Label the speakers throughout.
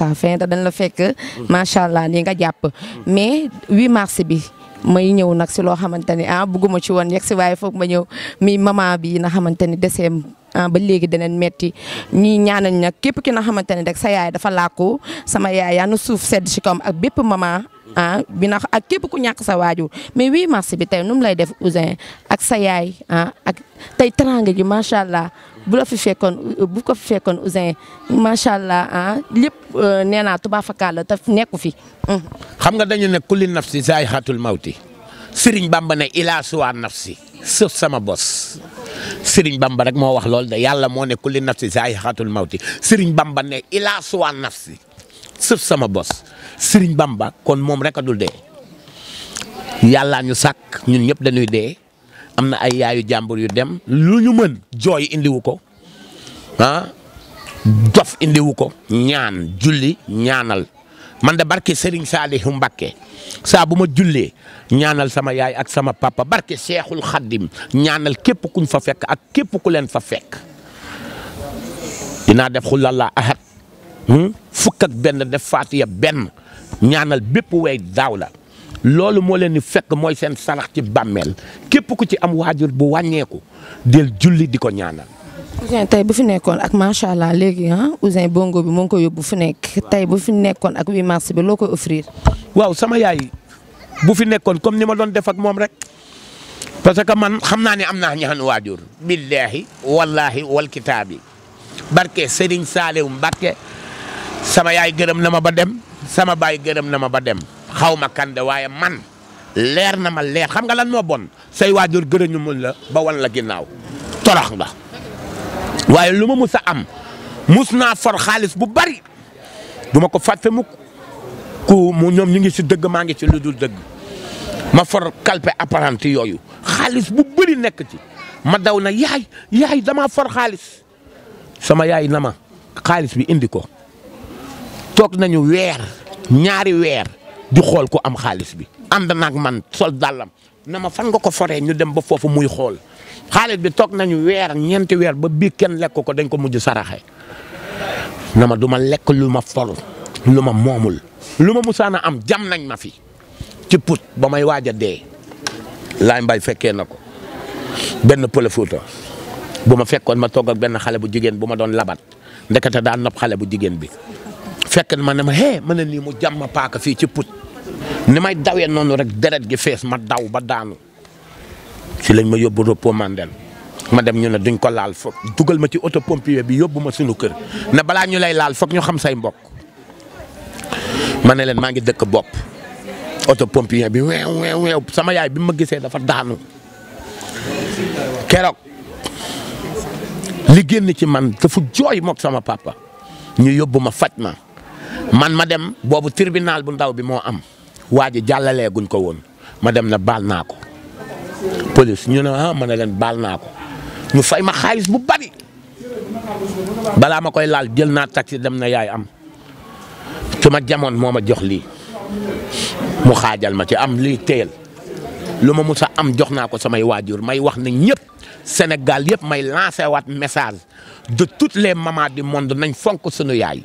Speaker 1: sa fin te dañ la fekk macha allah ni nga jàpp mais 8 mars bi may ñëw nag si loo xamante ni ah bugguma ci woon yegg si waaye foog ma ñëw mi maman bi na xamante ni deseem ah, ba léegi deneen metti ñii ñaanañ nag képp ki na xamante ni rek sa yaay dafa làkku sama yaay yaa nu suuf sedd si kawam ak bépp maman ah bi nax ak képp ku ñàkk sa waajur mais 8 mars bi tey nu lay def Ouzin ak sa yaay ah ak tey teraanga ji macha allah bu la fekkoon bu ko fekkoon Ouzin macha allah ah lépp euh, nee naa tubaab fakkaat la te nekku fi. Mm.
Speaker 2: xam nga dañu ne kulli nafsi zaa'iqatul mawti Sëriñ Bamba ne ilaa suwaa nafsi sauf sama bos Sëriñ Bamba rek moo wax loolu de yàlla moo ne kulli nafsi zaa'iqatul mawti Sëriñ Bamba ne ilaa suwaa nafsi sëf sama bos Serigne Bamba kon moom rek a dul dee yàllaa ñu sàkk ñun ñëpp dañuy dee am na ay yaayu jàmbur yu dem lu ñu mën jooy indiwu ko ah dof indiwu ko ñaan julli ñaanal man de barke Serigne Saliou Mbacké saa bu ma jullee ñaanal sama yaay ak sama papa barke Seexul Xaddim ñaanal képp kuñ fa fekk ak képp ku leen fa fekk dinaa def xulalla ahad hmm? fukk ak benn def faatiya benn ñaanal bépp wey daaw la loolu moo leen di fekk mooy seen sarax ci bàmmeel képp ku ci am waajur bu wàññeeku del julli di ko ñaanal.
Speaker 1: Ouzin tey bu fi nekkoon ak macha allah léegi ah Ouzin Bongo bi moo ngi ko yóbbu fu nekk. tey bu fi nekkoon ak 8 mars bi loo koy offrir.
Speaker 2: waaw sama yaay bu fi nekkoon comme ni ma doon defak moom rek. parce que man xam naa ne am naa ñaanu waajur. billaahi wallaahi wal barke Serigne Saliou Mbacké sama yaay gërëm na ma ba dem sama baay gërëm na ma ba dem xaw ma kan waaye man leer na ma leer xam nga lan moo bon sey waajur gërëñu mun la ba wan la ginnaaw torox nga waaye lu ma mus a am mus naa for xaalis bu bari ma ko fàtte mukk ku mu ñoom ñu ngi si dëgg maa ngi ci lu dul dëgg ma for kalpe apparenti yooyu xaalis bu bari nekk ci ma daw na yaay yaay damaa for xaalis sama yaay na ma xaalis bi indi ko toog nañu weer ñaari weer di xool ko am xaalis bi ànd naag man sol dàllam na ma fan nga ko foree ñu dem ba foofu muy xool xaalis bi toog nañu weer ñeenti weer ba biir kenn lekk ko dañ ko mujj saraxe na ma du ma lekk lu ma for lu ma moomul lu ma musaana am jam nañ ma fi ci put ba may waaja dee laay mbay fekkee na ko benn pole Fuuta bu ma fekkoon ma togg ak benn xale bu jigéen bu ma doon labat ndekete daa nopp xale bu jigéen bi fekk ma ne ma hee ma nii mu jàmm paaka fii ci put ni may dawee noonu rek deret gi fees ma daw ba daanu si lañ ma yóbbu repos Mandel ma dem ñu ne duñ ko laal foog dugal ma ci oto pompier bi yóbbu ma suñu kër ne balaa ñu lay laal foog ñu xam say mbokk ma ne leen maa ngi dëkk bopp oto pompier bi weew weew sama yaay bi ma gisee dafa daanu keroog li génn ci man dafa jooy mok sama papa ñu yóbbu ma faj ma man ma dem boobu tribunal bu ndaw bi moo am waa ji jàllalee ko woon ma dem na baal naa ko police ñu ne ah ma ne leen baal naa ko ñu fay ma xaalis bu bari balaa ma koy laal jël naa taxi dem na yaay am su ma jamoon moo ma jox lii mu xaajal ma ci am lii téyel lu ma mus a am jox naa ko samay waajur may wax na ñëpp Sénégal yëpp may lancé waat message de toutes les mamans du monde nañ fonk sunu yaay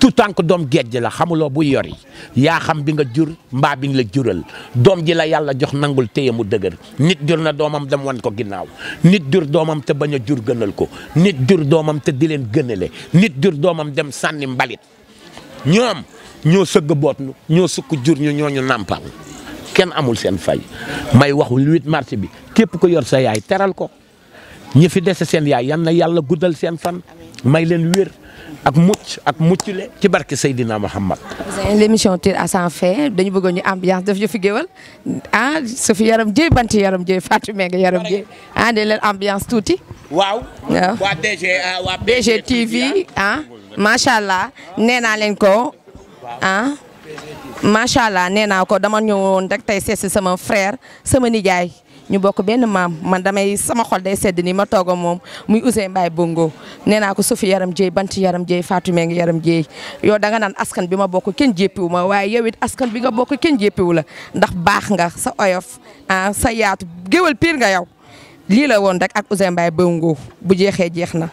Speaker 2: tout tànk doom géej la xamuloo bu yori yaa xam bi nga jur mbaa bi nga la jural doom ji la yàlla jox nangul téye mu dëgër nit jur na doomam dem wan ko ginnaaw nit jur doomam te bañ a jur gënal ko nit jur doomam te di leen gënale nit jur doomam dem sànni mbalit ñoom ñoo sëgg boot ñoo sukk jur ñu ñooñu ñu kenn amul seen fay may wax lu 8 bi képp ko yor sa yaay teral ko ñi fi dese seen yaay yan na yàlla guddal seen fan may leen wér ak mucc ak mucc le ci barke Seydina Muhammad.
Speaker 1: l'émission tire à sa fin dañu bëggoon ñu ambiance fi géwal ah su fi yaram jëy bant yaram jëy Fatou Mbengue yaram jëy ah dañ leen ambiance tuuti.
Speaker 2: waaw waa DG ah, waa BG TV ah. ah
Speaker 1: macha allah nee ko ah. macha allah nee naa ko dama woon rek tey seet si sama frère sama nijaay ñu bokk benn maam man damay sama xol day sedd nii ma toog moom muy Ousseyn Mbaye Bongo nee naa ko sufi yaram jéey bant yaram jéey Fatou Meng yaram jéey yow da nga naan askan bi ma bokk kenn jéppiwu ma waaye yow it askan bi nga bokk kenn jéppiwu la ndax baax nga sa oyof ah sa yaatu géwal piir nga yow lii la woon rek ak Ousseyn Mbaye Bongo bu jeexee jeex na